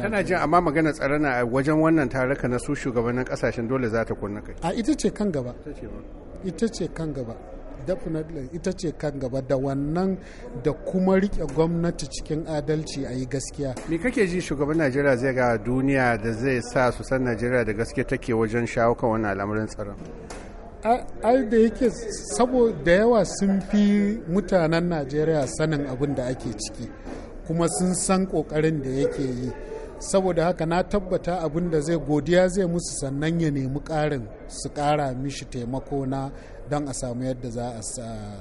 tana jin amma magana tsaro na wajen wannan taraka na su shugabannin kasashen dole za ta kunna kai a ita ce kan gaba ita ce kan gaba definitely ita ce kan gaba da wannan da kuma rike gwamnati cikin adalci a yi gaskiya me kake ji shugaban najeriya zai ga duniya da zai sa su san najeriya da gaske take wajen shawo kan wannan al'amarin tsaron ai da yake saboda yawa sun fi mutanen najeriya sanin abin da ake ciki kuma sun san kokarin da yake yi saboda haka na tabbata abin da zai godiya zai musu sannan ya nemi ƙarin su ƙara mishi taimako na don a samu yadda za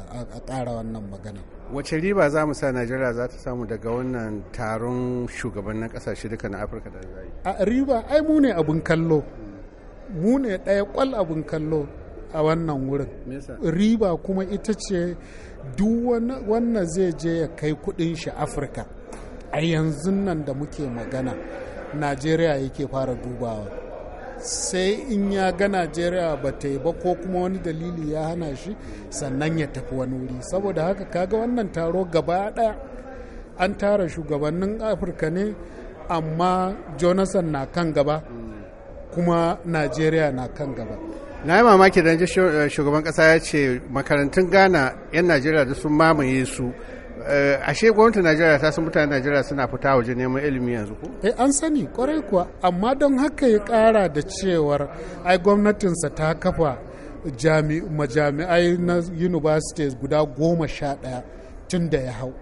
a ƙara wannan magana wace riba za mu sa najeriya za ta samu daga wannan taron shugabannin ƙasashe duka na afirka da za a riba ai mu ne abin kallo mu ne ɗaya kwal abin kallo a wannan wurin riba kuma ita ce duk wannan zai je ya kai kudin shi afirka a yanzu nan da muke magana najeriya yake fara dubawa sai in ya ga najeriya ba ta yi ba ko kuma wani dalili ya hana shi sannan ya tafi wani wuri saboda haka kaga wannan taro gaba ɗaya an tara shugabannin afirka ne amma jonathan na kan gaba kuma najeriya na kan gaba na yi mamaki don shugaban kasa ya ce makarantun ghana 'yan najeriya da sun mamaye su Eh, ashe gwamnatin najeriya ta san mutanen najeriya suna fita waje neman ilimi yanzu ko eh an sani kwarai kuwa amma don haka ya kara da cewar ai gwamnatinsa ta kafa majami'ai na universities guda goma sha daya tun da ya hau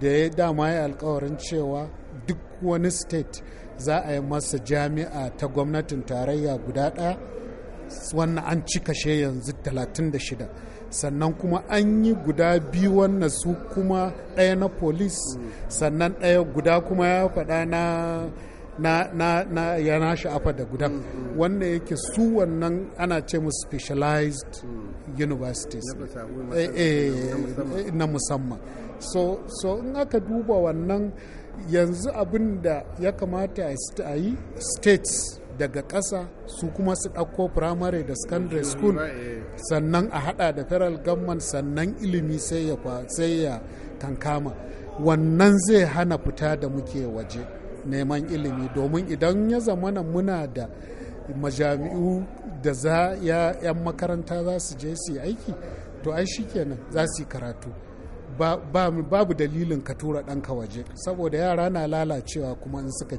da ya dama ya alkawarin cewa duk wani state za a yi masa jami'a ta gwamnatin tarayya guda ɗaya wannan an cika she yanzu 36 sannan kuma an yi guda biyu wannan su kuma ɗaya na polis sannan ɗaya guda kuma ya faɗa na na na na ya na sha'afa da guda wannan yake su wannan ana ce mu specialized universities eh, eh, na musamman so so in aka duba wannan yanzu abin da ya kamata a yi states daga ƙasa su kuma su ɗauko primary da secondary school sannan a hada da federal government sannan ilimi sai ya sai kankama wannan zai hana fita da muke waje neman ilimi domin idan ya zamana muna da majami'u da za ya 'yan makaranta za su je su yi aiki to ai shikenan za su yi karatu babu dalilin ka tura ɗanka waje saboda yara na lalacewa kuma in suka